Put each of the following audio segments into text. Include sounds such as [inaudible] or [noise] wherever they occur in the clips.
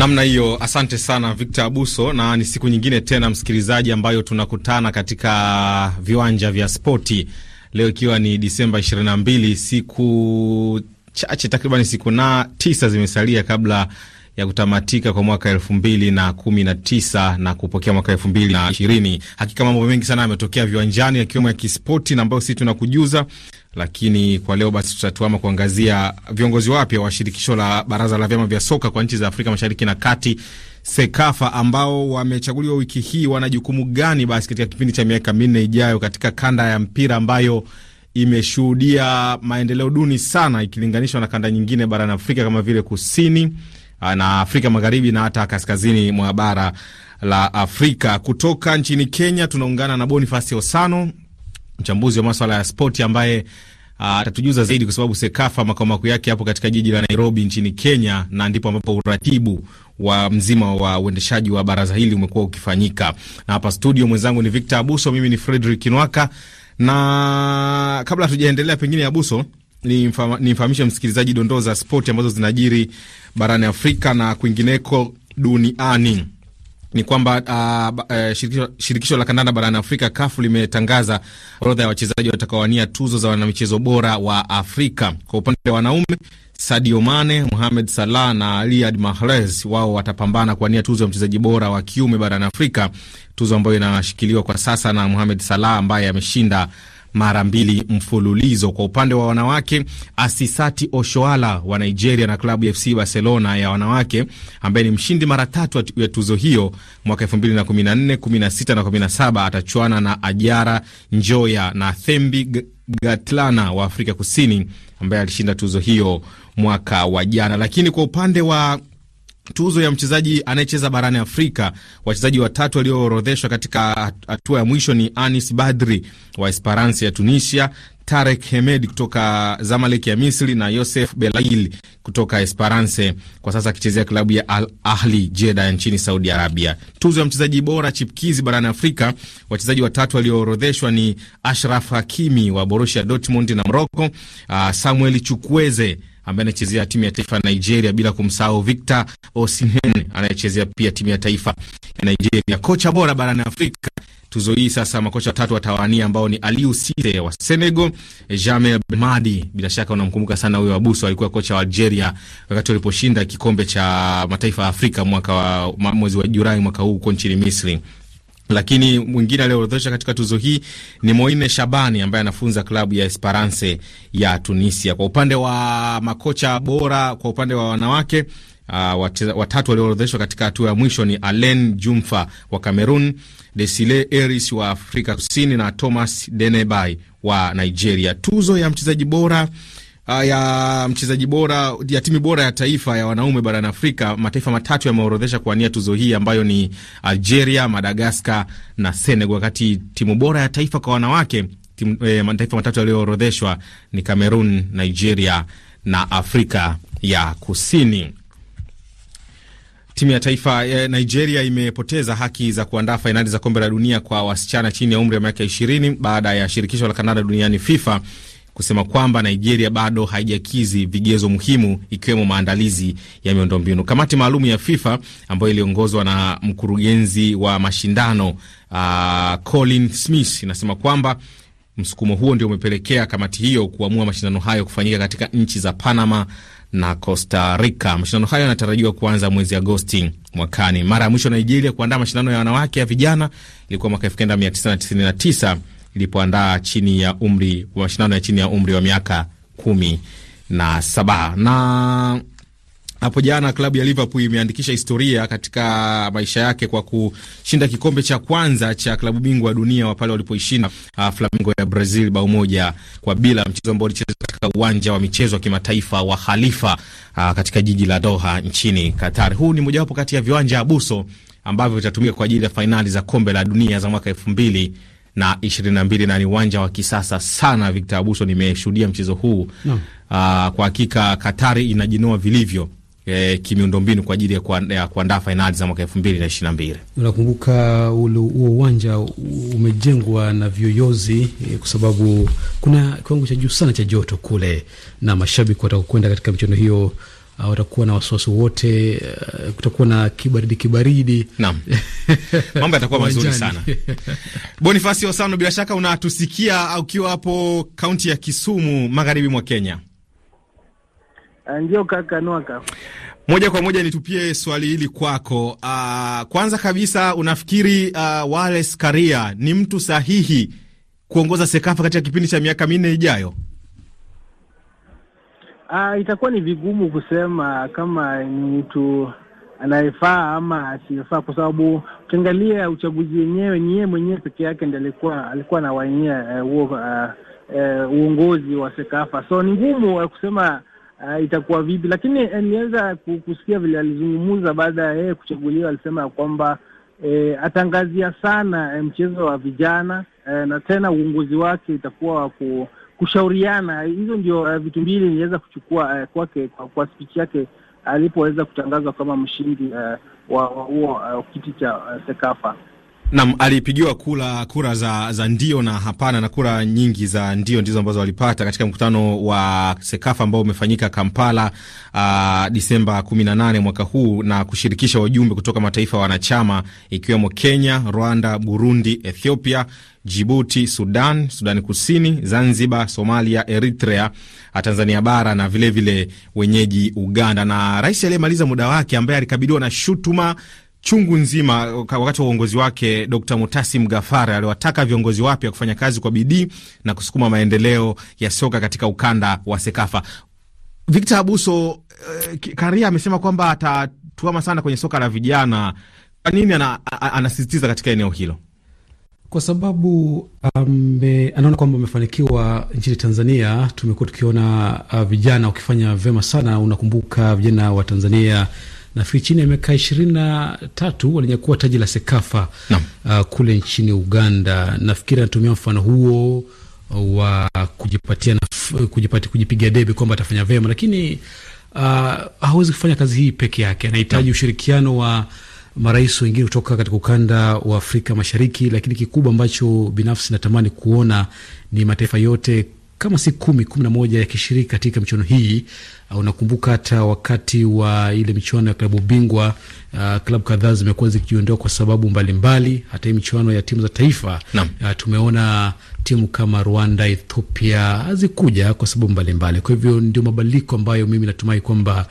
namna hiyo. Asante sana Victor Abuso, na ni siku nyingine tena msikilizaji, ambayo tunakutana katika viwanja vya spoti leo, ikiwa ni Disemba 22, siku chache takriban siku na tisa zimesalia kabla ya kutamatika kwa mwaka elfu mbili na kumi na tisa na kupokea mwaka elfu mbili na ishirini. Hakika mambo mengi sana yametokea viwanjani, yakiwemo ya kispoti na ambayo sisi tunakujuza, lakini kwa leo basi tutatuama kuangazia viongozi wapya wa shirikisho la baraza la vyama vya soka kwa nchi za Afrika Mashariki na Kati Sekafa ambao wamechaguliwa wiki hii, wana jukumu gani basi katika kipindi cha miaka minne ijayo katika kanda ya mpira ambayo imeshuhudia maendeleo duni sana ikilinganishwa na kanda nyingine barani Afrika kama vile kusini Ah, na Afrika Magharibi na hata kaskazini mwa bara la Afrika. Kutoka nchini Kenya tunaungana na Bonifasi Osano, mchambuzi wa maswala ya spoti ambaye ah, atatujuza zaidi kwa sababu Sekafa makao makuu yake hapo katika jiji la Nairobi nchini Kenya, na ndipo ambapo uratibu wa mzima wa uendeshaji wa baraza hili umekuwa ukifanyika. Na hapa studio mwenzangu ni Victor Abuso, mimi ni Fredrick Kinwaka, Na kabla hatujaendelea, pengine Abuso, nimfahamishe msikilizaji dondoo za spoti ambazo zinajiri barani Afrika na kwingineko duniani ni kwamba uh, uh, shirikisho, shirikisho la kandanda barani Afrika CAF limetangaza orodha ya wachezaji watakaowania tuzo za wanamichezo bora wa Afrika. Kwa upande wa wanaume, Sadio Mane, Mohamed Salah na Riyad Mahrez wao watapambana kuwania tuzo ya mchezaji bora wa kiume barani Afrika, tuzo ambayo inashikiliwa kwa sasa na Mohamed Salah ambaye ameshinda mara mbili mfululizo. Kwa upande wa wanawake, Asisati Oshoala wa Nigeria na klabu ya FC Barcelona ya wanawake ambaye ni mshindi mara tatu ya tuzo hiyo mwaka 2014, 16 na 17 atachuana na Ajara Njoya na Thembi Gatlana wa Afrika Kusini ambaye alishinda tuzo hiyo mwaka wa jana. Lakini kwa upande wa tuzo ya mchezaji anayecheza barani Afrika. Wachezaji watatu walioorodheshwa katika hatua ya mwisho ni Anis Badri wa Esperance ya Tunisia, Tarek Hemed kutoka Zamalek ya Misri na Yosef Belail kutoka Esperance, kwa sasa akichezea klabu ya Al Ahli Jeddah nchini Saudi Arabia. Tuzo ya mchezaji bora chipkizi barani Afrika, wachezaji watatu walioorodheshwa ni Ashraf Hakimi wa Borussia Dortmund na Morocco, ah, Samuel Chukwueze ambaye anachezea timu ya taifa ya Nigeria, bila kumsahau Victor Osimhen anayechezea pia timu ya taifa ya Nigeria. Kocha bora barani Afrika tuzo hii sasa, makocha watatu watawania ambao ni Aliou Cisse wa Senegal, Jamel Belmadi, bila shaka unamkumbuka sana huyo Abuso, alikuwa kocha wa Algeria wakati waliposhinda kikombe cha mataifa ya Afrika mwaka wa mwezi wa Julai mwaka huu huko nchini Misri. Lakini mwingine aliyeorodhesha katika tuzo hii ni Moine Shabani ambaye anafunza klabu ya Esperance ya Tunisia. Kwa upande wa makocha bora kwa upande wa wanawake Uh, watatu walioorodheshwa katika hatua ya mwisho ni Alen Jumfa wa Cameroon, Desile Eris wa Afrika Kusini na Thomas Denebay wa Nigeria. Tuzo ya mchezaji bora Ah, ya mchezaji bora ya timu bora ya taifa ya wanaume barani Afrika, mataifa matatu yameorodhesha kuwania tuzo hii ambayo ni Algeria, Madagaskar na Senegal, wakati timu bora ya taifa kwa wanawake timu, e, mataifa matatu yaliyoorodheshwa ni Cameroon, Nigeria na Afrika ya Kusini. Timu ya taifa ya eh, Nigeria imepoteza haki za kuandaa fainali za kombe la dunia kwa wasichana chini ya umri wa miaka ishirini baada ya shirikisho la Kanada duniani FIFA kusema kwamba Nigeria bado haijakizi vigezo muhimu ikiwemo maandalizi ya miundombinu. Kamati maalum ya FIFA ambayo iliongozwa na mkurugenzi wa mashindano uh, Colin Smith inasema kwamba msukumo huo ndio umepelekea kamati hiyo kuamua mashindano hayo kufanyika katika nchi za Panama na Costa Rica. Mashindano hayo yanatarajiwa kuanza mwezi Agosti mwakani. Mara ya mwisho Nigeria kuandaa mashindano ya wanawake ya vijana ilikuwa mwaka ilipoandaa chini ya umri wa mashindano ya chini ya umri wa miaka kumi na saba na hapo jana klabu ya Liverpool imeandikisha historia katika maisha yake kwa kushinda kikombe cha kwanza cha klabu bingwa wa dunia wa pale walipoishinda uh, Flamengo ya Brazil bao moja kwa bila, mchezo ambao ulichezwa katika uwanja wa michezo wa kimataifa wa Khalifa uh, katika jiji la Doha nchini Qatar. Huu ni mojawapo kati ya viwanja abuso ambavyo vitatumika kwa ajili ya fainali za kombe la dunia za mwaka elfu mbili na ishirini na ni uwanja wa kisasa sana. Victor Abuso, nimeshuhudia mchezo huu no. Uh, kwa hakika Katari inajinoa vilivyo e, kimiundombinu kwa ajili ya kuandaa fainali za mwaka elfu mbili na mbili. Unakumbuka huo uwanja umejengwa na viyoyozi e, eh, kwa sababu kuna kiwango cha juu sana cha joto kule na mashabiki watakwenda katika michuano hiyo Ah, watakuwa na wasiwasi wote, eh, kutakuwa na kibaridi kibaridi. Naam, [laughs] mambo yatakuwa mazuri sana. [laughs] Bonifasi Osano, bila shaka unatusikia ukiwa hapo kaunti ya Kisumu, magharibi mwa Kenya. Eh, ndio kaka Nwaka, moja kwa moja nitupie swali hili kwako. Uh, kwanza kabisa unafikiri uh, Wallace Karia ni mtu sahihi kuongoza Sekafa katika kipindi cha miaka minne ijayo? Uh, itakuwa ni vigumu kusema kama ni mtu anayefaa ama asiyefaa, kwa sababu ukiangalia uchaguzi wenyewe ni yeye mwenyewe peke yake ndiye alikuwa alikuwa anawania huo eh, uh, ah, uh, eh, uongozi wa Sekafa, so ni ngumu eh, kusema uh, itakuwa vipi, lakini niweza kusikia vile alizungumza baada ya yeye kuchaguliwa. Alisema ya kwamba uh, atangazia sana uh, mchezo wa vijana uh, na tena uongozi wake itakuwa wa ku, kushauriana. Hizo ndio uh, vitu mbili niliweza kuchukua uh, kwake kwa, kwa spichi yake alipoweza kutangazwa kama mshindi uh, wa huo uh, kiti cha uh, Sekafa. Nam alipigiwa kura, kura za, za ndio na hapana, na kura nyingi za ndio ndizo ambazo walipata katika mkutano wa Sekafa ambao umefanyika Kampala uh, Disemba 18 mwaka huu na kushirikisha wajumbe kutoka mataifa wanachama ikiwemo Kenya, Rwanda, Burundi, Ethiopia, Jibuti, Sudan, Sudani Kusini, Zanzibar, Somalia, Eritrea, ah, Tanzania bara na vilevile vile wenyeji Uganda. Na rais aliyemaliza muda wake ambaye alikabiliwa na shutuma chungu nzima wakati wa uongozi wake, d Mutasim Gafara aliwataka viongozi wapya kufanya kazi kwa bidii na kusukuma maendeleo ya soka katika ukanda wa SEKAFA. Victor Abuso, uh, Karia amesema kwamba atatuama sana kwenye soka la vijana. Kwa nini anasisitiza katika eneo hilo? Kwa sababu ame, anaona kwamba amefanikiwa nchini Tanzania. Tumekuwa tukiona uh, vijana wakifanya vyema sana. Unakumbuka vijana wa Tanzania nafikiri chini ya miaka ishirini na tatu walinyakua taji la Sekafa uh, kule nchini Uganda. Nafikiri anatumia mfano huo wa kujipatia kujipati kujipiga debe kwamba atafanya vyema, lakini uh, hawezi kufanya kazi hii peke yake, anahitaji ushirikiano wa marais wengine kutoka katika ukanda wa Afrika Mashariki, lakini kikubwa ambacho binafsi natamani kuona ni mataifa yote kama si kumi kumi na moja yakishiriki katika michuano hii Ah, unakumbuka hata wakati wa ile michuano ya klabu bingwa uh, klabu kadhaa zimekuwa zikiondoa kwa sababu mbalimbali mbali. Hata hii michuano ya timu za taifa uh, tumeona timu kama Rwanda, Ethiopia hazikuja kwa sababu mbalimbali. Kwa hivyo ndio mabadiliko ambayo mimi natumai kwamba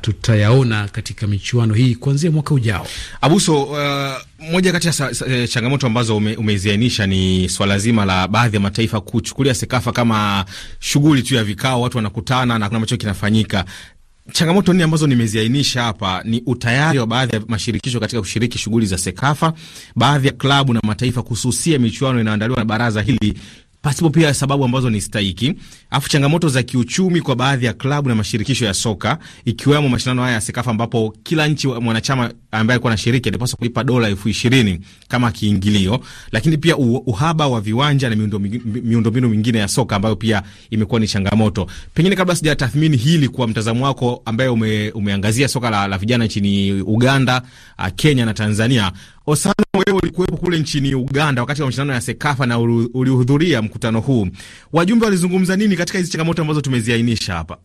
tutayaona katika michuano hii kuanzia mwaka ujao. Abuso, uh, moja kati ya eh, changamoto ambazo ume, umeziainisha ni swala zima la baadhi ya mataifa kuchukulia Sekafa kama shughuli tu ya vikao, watu wanakutana na kuna macho kinafanyika. Changamoto nne ambazo nimeziainisha hapa ni utayari wa baadhi ya mashirikisho katika kushiriki shughuli za SEKAFA, baadhi ya klabu na mataifa kususia michuano inayoandaliwa na baraza hili pasipo pia sababu ambazo ni stahiki, afu changamoto za kiuchumi kwa baadhi ya klabu na mashirikisho ya soka, ikiwemo mashindano haya ya SEKAFA ambapo kila nchi mwanachama ambaye alikuwa anashiriki alipaswa kulipa dola elfu ishirini kama kiingilio, lakini pia uhaba wa viwanja na miundombinu mingine ya soka ambayo pia imekuwa ni changamoto. Pengine kabla sijatathmini hili kwa mtazamo wako ambaye ume, umeangazia soka la, la vijana nchini Uganda, Kenya na Tanzania, Osano, wewe ulikuwepo kule nchini Uganda wakati wa mashindano ya Sekafa na ulihudhuria mkutano huu, wajumbe walizungumza nini katika hizi changamoto ambazo tumeziainisha hapa?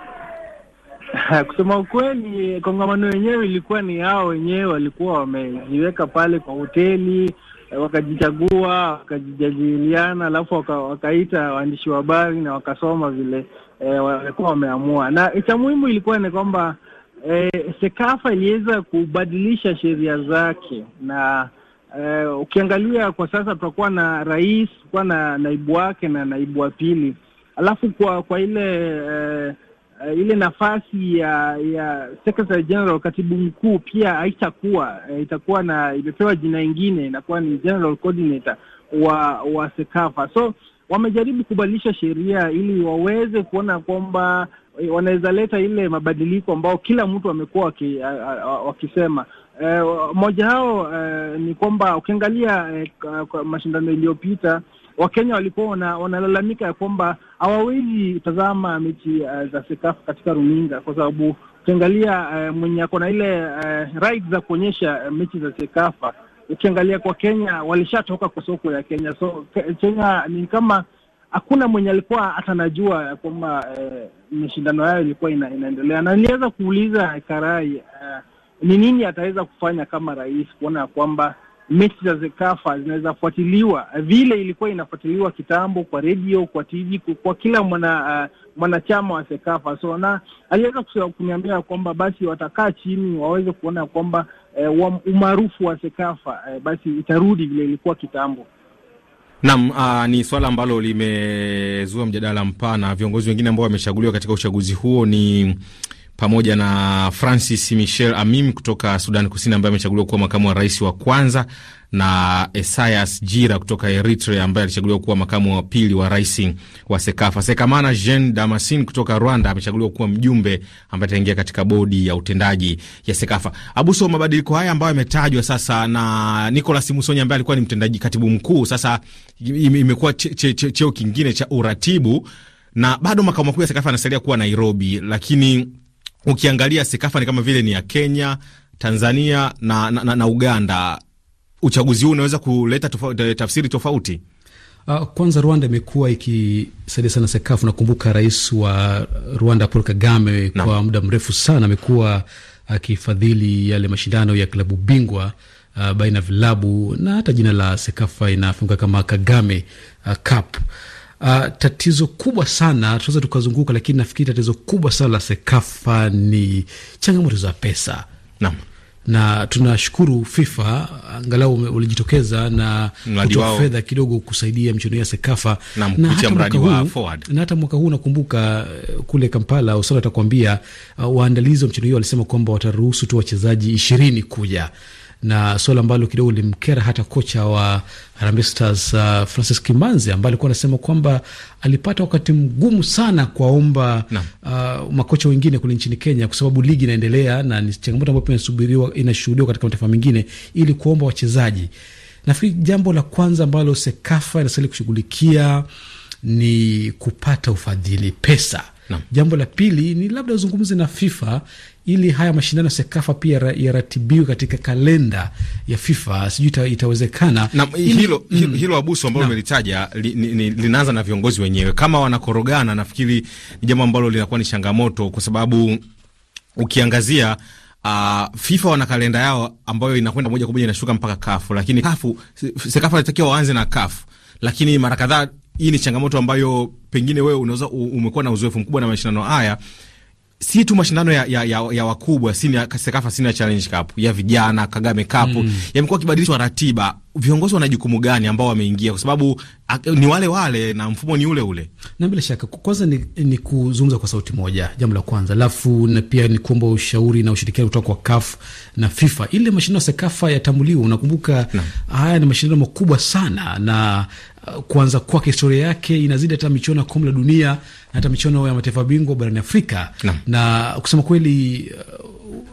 [laughs] Kusema ukweli, kongamano yenyewe ilikuwa ni hao wenyewe walikuwa wamejiweka pale kwa hoteli, wakajichagua wakajijadiliana, alafu waka, wakaita waandishi wa habari na wakasoma vile eh, walikuwa wameamua, na cha muhimu ilikuwa ni kwamba e, Sekafa iliweza kubadilisha sheria zake na e, ukiangalia kwa sasa tutakuwa na rais, kuwa na naibu wake na naibu wa pili, alafu kwa kwa ile Uh, ile nafasi ya ya Secretary General, katibu mkuu pia haitakuwa itakuwa na imepewa jina ingine, inakuwa ni General Coordinator wa wa Sekafa so wamejaribu kubadilisha sheria ili waweze kuona kwamba eh, wanaweza leta ile mabadiliko ambao kila mtu amekuwa wakisema. E, moja hao e, ni kwamba ukiangalia e, kwa mashindano iliyopita Wakenya walikuwa wanalalamika ya kwamba hawawezi tazama mechi uh, za Sekafu katika runinga kwa sababu ukiangalia uh, mwenye ako na ile uh, right za kuonyesha mechi za Sekafa ukiangalia kwa Kenya walishatoka kwa soko ya Kenya, so Kenya ni kama hakuna mwenye alikuwa hata anajua kwamba eh, mashindano hayo ilikuwa ina, inaendelea. Na niliweza kuuliza Karai eh, ni eh, nini ataweza kufanya kama rais kuona ya kwamba mechi za ZEKAFA zinaweza fuatiliwa vile ilikuwa inafuatiliwa kitambo kwa redio, kwa TV, kwa kila mwana uh, mwanachama wa ZEKAFA. So na aliweza kuniambia kwamba basi watakaa chini waweze kuona kwamba eh, umaarufu wa Sekafa eh, basi itarudi vile ilikuwa kitambo. Naam, uh, ni swala ambalo limezua mjadala mpana. Viongozi wengine ambao wamechaguliwa katika uchaguzi huo ni pamoja na Francis Michel Amim kutoka Sudan Kusini ambaye amechaguliwa kuwa makamu wa rais wa kwanza na Esayas Jira kutoka Eritrea ambaye alichaguliwa kuwa makamu wa pili wa rais wa Sekafa. Sekamana Jean Damasin kutoka Rwanda amechaguliwa kuwa mjumbe ambaye ataingia katika bodi ya utendaji ya Sekafa. Abuso, mabadiliko haya ambayo yametajwa sasa na Nicolas Musoni ambaye alikuwa ni mtendaji katibu mkuu, sasa imekuwa cheo che, che, che kingine cha uratibu, na bado makao makuu ya Sekafa anasalia kuwa Nairobi, lakini ukiangalia Sekafa ni kama vile ni ya Kenya, Tanzania na, na, na, na Uganda uchaguzi huu unaweza kuleta tofauti, eh, tafsiri tofauti? Uh, kwanza Rwanda imekuwa ikisaidia sana Sekafu. Nakumbuka rais wa Rwanda Paul Kagame na, kwa muda mrefu sana amekuwa akifadhili yale mashindano ya klabu bingwa uh, baina ya vilabu na hata jina la Sekafa inafunga kama Kagame uh, Cup. Uh, tatizo kubwa sana tunaweza tukazunguka, lakini nafikiri tatizo kubwa sana la Sekafa ni changamoto za pesa. Naam na tunashukuru FIFA angalau walijitokeza na kutoa fedha kidogo kusaidia michuano ya Sekafa na, na hata mwaka huu, na hata mwaka huu nakumbuka eh, kule Kampala Osoro atakwambia uh, waandalizi wa michuano hiyo walisema kwamba wataruhusu tu wachezaji ishirini kuja na suala ambalo kidogo limkera hata kocha wa Harambee Stars uh, Francis Kimanzi ambaye alikuwa anasema kwamba alipata wakati mgumu sana kuwaomba uh, makocha wengine kule nchini Kenya kwa sababu ligi inaendelea na ni changamoto ambayo pia inasubiriwa inashuhudiwa katika mataifa mengine ili kuomba wachezaji. Nafikiri jambo la kwanza ambalo Sekafa inastahili kushughulikia ni kupata ufadhili, pesa Jambo la pili ni labda uzungumzi na FIFA ili haya mashindano ya SEKAFA pia yaratibiwe katika kalenda ya FIFA. Sijui ita, itawezekana na, hilo, mm, hilo, hilo abusu ambalo umelitaja li, li, linaanza na viongozi wenyewe kama wanakorogana. Nafikiri ni jambo ambalo linakuwa ni changamoto kwa sababu ukiangazia Uh, FIFA wana kalenda yao ambayo inakwenda moja kwa moja inashuka mpaka kafu, lakini kafu sekafu anatakiwa waanze na kafu, lakini mara kadhaa hii ni changamoto ambayo pengine wewe unaweza umekuwa na uzoefu mkubwa na mashindano haya, si tu mashindano ya, ya, ya, ya wakubwa sina, Sekafa Senior Challenge Cup ya vijana, Kagame Cup mm, yamekuwa kibadilishwa ratiba. Viongozi wana jukumu gani ambao wameingia, kwa sababu ni wale wale na mfumo ni ule ule? Na bila shaka kwanza ni, ni kuzungumza kwa sauti moja, jambo la kwanza, alafu na pia ni kuomba ushauri na ushirikiano kutoka kwa CAF na FIFA, ile mashindano ya Sekafa yatambuliwe. Unakumbuka haya ni mashindano makubwa sana, na kuanza kwake historia yake inazidi hata michuano ya kombe la dunia na hata michuano ya mataifa bingwa barani Afrika na, na kusema kweli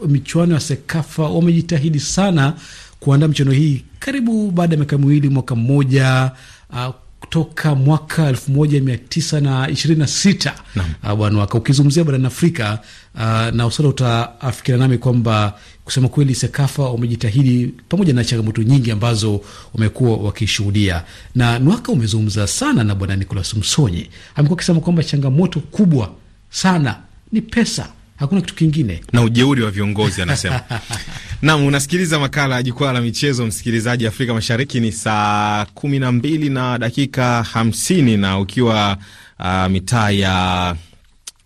uh, michuano ya Sekafa wamejitahidi sana kuandaa michuano hii karibu baada ya miaka miwili mwaka mmoja uh, kutoka mwaka elfu moja mia tisa na ishirini na sita uh, bwana waka ukizungumzia barani Afrika uh, na usala utaafikiana nami kwamba kusema kweli, Sekafa wamejitahidi pamoja na changamoto nyingi ambazo wamekuwa wakishuhudia, na Nwaka umezungumza sana na bwana Nicolas Msonye, amekuwa akisema kwamba changamoto kubwa sana ni pesa hakuna kitu kingine na ujeuri wa viongozi anasema. [laughs] Nam, unasikiliza makala ya jukwaa la michezo, msikilizaji. Afrika Mashariki ni saa kumi na mbili na dakika hamsini na ukiwa uh, mitaa ya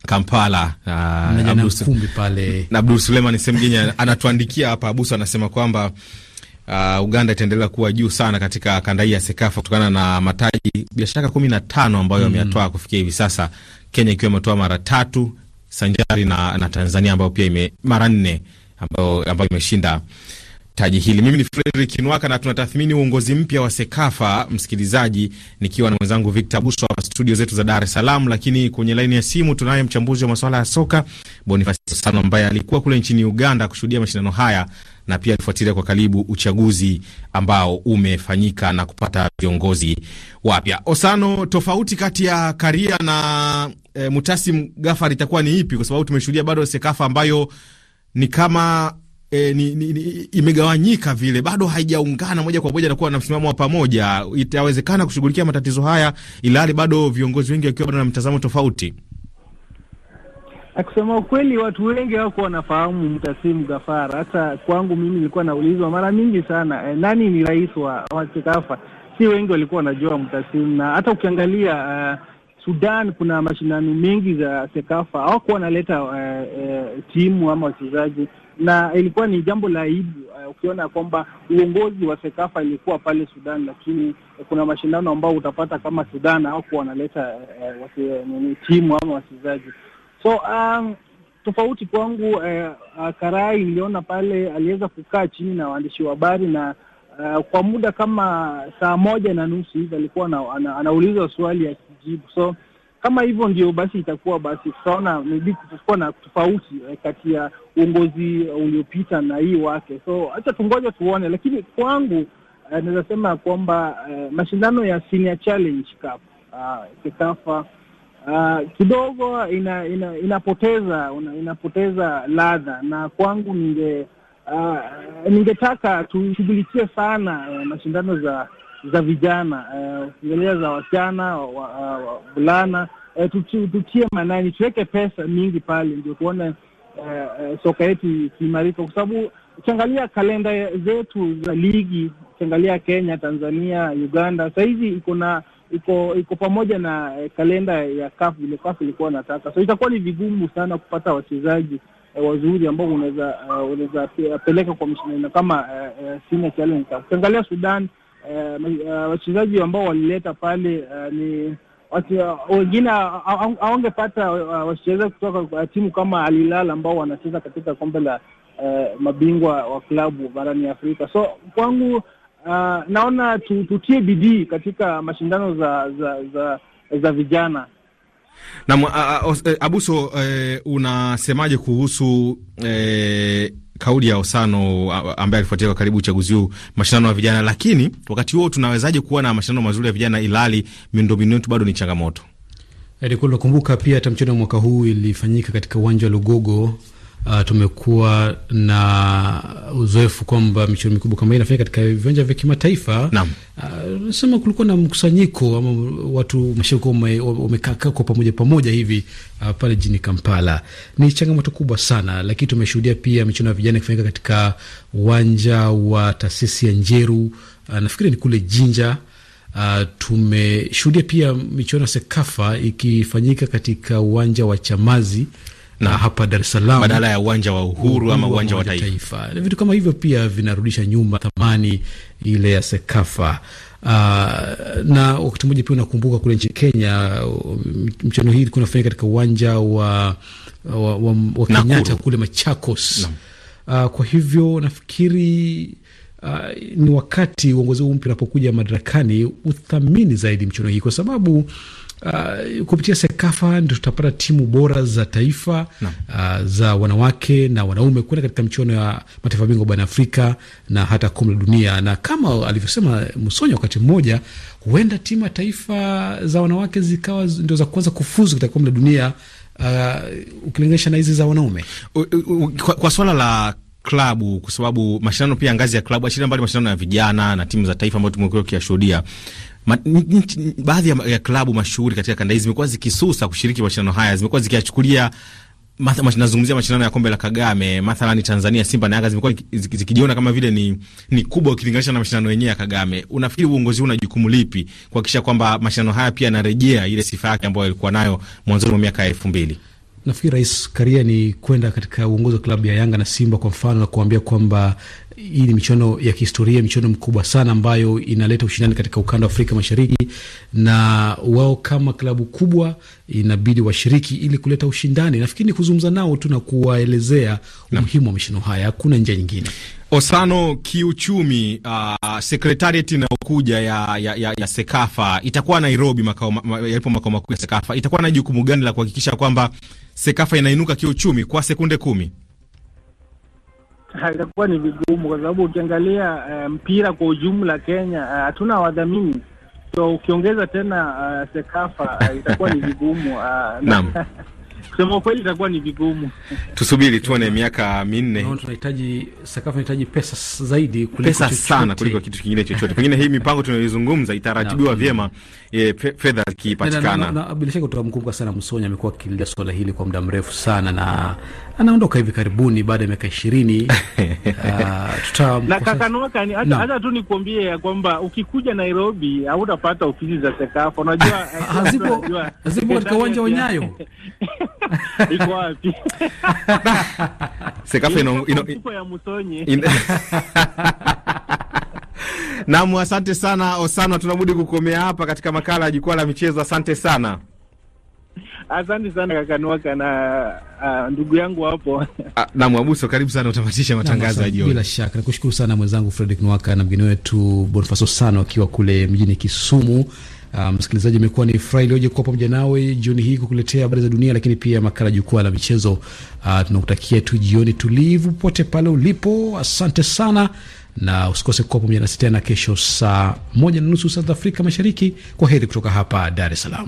Kampala uh, na Abdul Suleiman Semgenya [laughs] anatuandikia hapa. Abuso anasema kwamba Uh, Uganda itaendelea kuwa juu sana katika kanda hii ya Sekafa kutokana na mataji bila shaka kumi na tano ambayo wameyatoa mm, kufikia hivi sasa, Kenya ikiwa imetoa mara tatu sanjari na, na Tanzania ambayo pia ime mara nne ambayo, ambayo imeshinda taji hili. Mimi ni Fredrik Nwaka na tunatathmini uongozi mpya wa Sekafa, msikilizaji, nikiwa na mwenzangu Victor Buswa wa studio zetu za Dar es Salaam. Lakini kwenye laini ya simu tunaye mchambuzi wa masuala ya soka Bonifasi Sano ambaye alikuwa kule nchini Uganda kushuhudia mashindano haya na pia alifuatilia kwa karibu uchaguzi ambao umefanyika na kupata viongozi wapya. Osano, tofauti kati ya Karia na e, eh, Mutasim Gafar itakuwa ni ipi? Kwa sababu tumeshuhudia bado Sekafa ambayo ni kama e, ni, ni, ni, imegawanyika vile, bado haijaungana moja kwa moja na kuwa na msimamo wa pamoja. Itawezekana kushughulikia matatizo haya, ilhali bado viongozi wengi wakiwa bado na mtazamo tofauti. Akusema ukweli, watu wengi wako wanafahamu mtasimu Gafara. Hata kwangu mimi nilikuwa naulizwa mara mingi sana, e, nani ni rais wa, wa Si wengi walikuwa wanajua mtasimu na hata ukiangalia uh, Sudan kuna mashindano mengi za Sekafa hawakuwa wanaleta uh, uh, timu ama wachezaji, na ilikuwa ni jambo la aibu uh, ukiona kwamba uongozi wa Sekafa ilikuwa pale Sudan, lakini kuna mashindano ambao utapata kama Sudan hawakuwa wanaleta uh, uh, nini, timu ama wachezaji so um, tofauti kwangu uh, uh, Karai niliona pale aliweza kukaa chini na waandishi wa habari na Uh, kwa muda kama saa moja na nusu hivi alikuwa anaulizwa swali kujibu. So kama hivyo ndio basi itakuwa basi, tutaona maybe kutakuwa na tofauti eh, kati ya uongozi uliopita na hii wake. So hacha tungoja tuone, lakini kwangu eh, naweza sema kwamba eh, mashindano ya Senior Challenge Cup Sekafa ah, Uh, kidogo ina, ina, inapoteza una, inapoteza ladha na kwangu ninge uh, ningetaka tushughulikie sana uh, mashindano za za vijana, ukiangalia eh, za wasichana, wavulana, eh, tutie manani tuweke pesa mingi pale, ndio tuone eh, soka yetu ikiimarika, kwa sababu ukiangalia kalenda zetu za ligi, ukiangalia Kenya, Tanzania, Uganda sahizi iko na iko iko pamoja na kalenda ya CAF vile CAF ilikuwa nataka, so itakuwa ni vigumu sana kupata wachezaji wazuri ambao unaweza unaweza peleka kwa kama Senior Challenge Ukiangalia Sudan Eh, eh, wachezaji ambao walileta pale eh, ni wengine hawangepata wachezaji kutoka timu kama alilal ambao wanacheza katika kombe la Uh, mabingwa wa klabu barani Afrika. So kwangu uh, naona tutie bidii katika mashindano za za za, za vijana. nam Abuso, eh, unasemaje kuhusu eh, kauli ya Osano ambaye alifuatia kwa karibu uchaguzi huu mashindano ya vijana, lakini wakati huo tunawezaje kuwa na mashindano mazuri ya vijana ilali miundombinu yetu bado ni changamoto? unakumbuka pia hata mchezo wa mwaka huu ilifanyika katika uwanja wa Lugogo uh, tumekuwa na uzoefu kwamba michuano mikubwa kama hii inafanyika katika viwanja vya kimataifa. Ah, nasema uh, kulikuwa na mkusanyiko ama watu mashirika wamekaa kwa pamoja pamoja hivi uh, pale jijini Kampala. Ni changamoto kubwa sana, lakini tumeshuhudia pia michuano ya vijana ikifanyika katika uwanja wa taasisi ya Njeru, uh, nafikiri ni kule Jinja. Uh, tumeshuhudia pia michuano ya Sekafa ikifanyika katika uwanja wa Chamazi na hapa Dar es Salaam badala ya uwanja wa Uhuru ama uwanja wa Taifa. Vitu kama hivyo pia vinarudisha nyuma thamani ile ya Sekafa. Uh, na wakati mmoja pia unakumbuka kule nchini Kenya mchano hii ilikuwa inafanyika katika uwanja wa, wa, wa, wa Kenyatta kule Machakos. Uh, kwa hivyo nafikiri Uh, ni wakati uongozi huu mpya unapokuja madarakani uthamini zaidi mchano hii kwa sababu Uh, kupitia Sekafa ndio tutapata timu bora za taifa no. uh, za wanawake na wanaume kwenda katika michuano ya mataifa bingwa barani Afrika na hata kombe la dunia, na kama alivyosema Msonyo wakati mmoja, huenda timu ya taifa za wanawake zikawa ndio za kwanza kufuzu katika kombe la dunia uh, ukilinganisha na hizi za wanaume u, u, kwa, kwa swala la klabu kwa sababu mashindano pia ngazi ya klabu, achilia mbali mashindano ya vijana na timu za taifa ambayo tumekuwa ukiyashuhudia baadhi ya, ya klabu mashuhuri katika kanda hii zimekuwa zikisusa kushiriki mashindano haya, zimekuwa zikiachukulia nazungumzia mashindano ya kombe la Kagame mathalani Tanzania, Simba na Yanga zimekuwa zikijiona kama vile ni, ni kubwa ukilinganisha na mashindano yenyewe ya Kagame. Unafikiri uongozi huu una jukumu lipi kuhakikisha kwamba mashindano haya pia yanarejea ile sifa yake ambayo alikuwa nayo mwanzoni mwa miaka ya elfu mbili? Nafikiri Rais Karia ni kwenda katika uongozi wa klabu ya Yanga na Simba kwa mfano na kuambia kwamba hii ni michuano ya kihistoria, michuano mkubwa sana ambayo inaleta ushindani katika ukanda wa Afrika Mashariki, na wao kama klabu kubwa inabidi washiriki ili kuleta ushindani. Nafikiri ni kuzungumza nao tu na kuwaelezea umuhimu wa mashindano haya, hakuna njia nyingine. Osano, kiuchumi, uh, sekretariat inayokuja ya, ya, ya, ya Sekafa itakuwa Nairobi, makao yalipo makao makuu ya Sekafa, itakuwa na jukumu gani la kuhakikisha kwamba Sekafa inainuka kiuchumi kwa sekunde kumi? haitakuwa ni vigumu, kwa sababu ukiangalia eh, mpira um, kwa ujumla Kenya eh, hatuna uh, wadhamini so ukiongeza tena uh, Sekafa uh, itakuwa ni vigumu uh, naam [laughs] kusema kweli itakuwa ni vigumu. Tusubiri tuone miaka minne. No, tunahitaji sakafu, inahitaji pesa zaidi kuliko pesa sana kuliko kitu kingine chochote. Pengine hii mipango tunayoizungumza itaratibiwa no, vyema e, fedha zikipatikana. Bila shaka utakumbuka sana Msonya amekuwa akilinda swala hili kwa muda mrefu sana na anaondoka hivi karibuni baada ya miaka ishirini. [laughs] Ah, Na Kakanuaka, hata tu nikuambie ya kwamba ukikuja Nairobi hautapata ofisi za Sekafa, [laughs] [laughs] unajua hazipo katika uwanja wa Nyayo. Iko wapi Sekafa? ya Musonye Nam, asante sana Osano, tunabudi kukomea hapa katika makala ya jukwaa la michezo. Asante sana. Asante sana Kakanwaka na uh, ndugu yangu hapo ah, na Mwabuso, karibu sana utamatisha matangazo ya jioni. Bila shaka nakushukuru sana mwenzangu Fredrick Nwaka na mgeni wetu Bonifaso Sano akiwa kule mjini Kisumu. Uh, msikilizaji, imekuwa ni furaha iliyoje kuwa pamoja nawe jioni hii kukuletea habari za dunia, lakini pia makala jukwaa la michezo. Uh, tunakutakia tu jioni tulivu pote pale ulipo. Asante sana na usikose kuwa pamoja nasi tena kesho saa moja na nusu saa za Afrika Mashariki. Kwa heri kutoka hapa Dar es Salaam.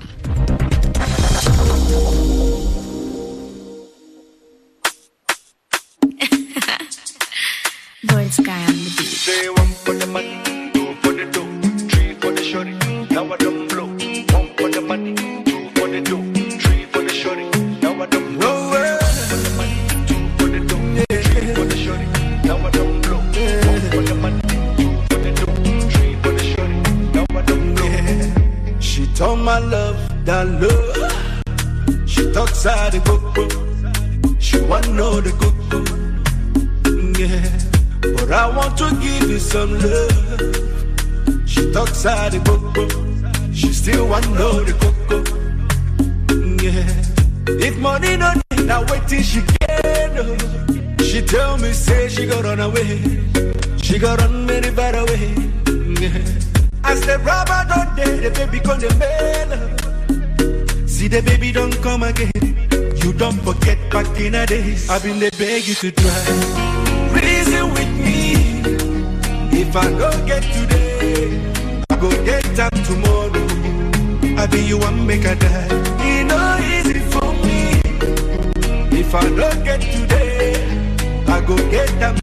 Birds guy on the beat. Say one for the money, two for the dough, three for the shorty. Now I don't side the coco. She still want know the coco. Yeah. If money no need, now wait till she get. Oh. She tell me say she gon' run away. She gon' run many far away. Yeah. As the rubber don't day, the baby come the mail. See the baby don't come again. You don't forget back in the days. I've been they beg you to try. Reason with me. If I don't get today go get up tomorrow. I be you one make a die. It no easy for me. If I don't get today, I go get am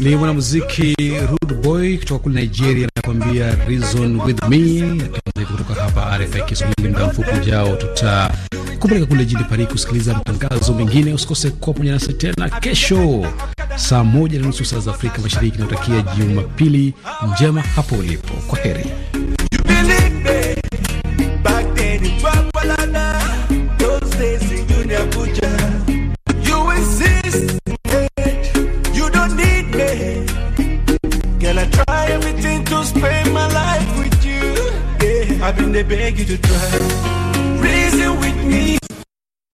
Ni mwanamuziki Rude Boy kutoka kule Nigeria, anakuambia reason with me. Kutoka hapa RFI Kiswahili, muda mfupi ujao tutakupeleka kule jini Paris kusikiliza matangazo mengine. Usikose kuwa pamoja nasi tena kesho saa moja na nusu saa za Afrika Mashariki. Nakutakia Jumapili njema hapo ulipo. Kwa heri. they beg you to try